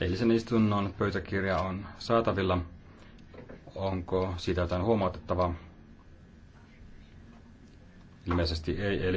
Eilisen istunnon pöytäkirja on saatavilla. Onko siitä jotain huomautettavaa? Ilmeisesti ei, eli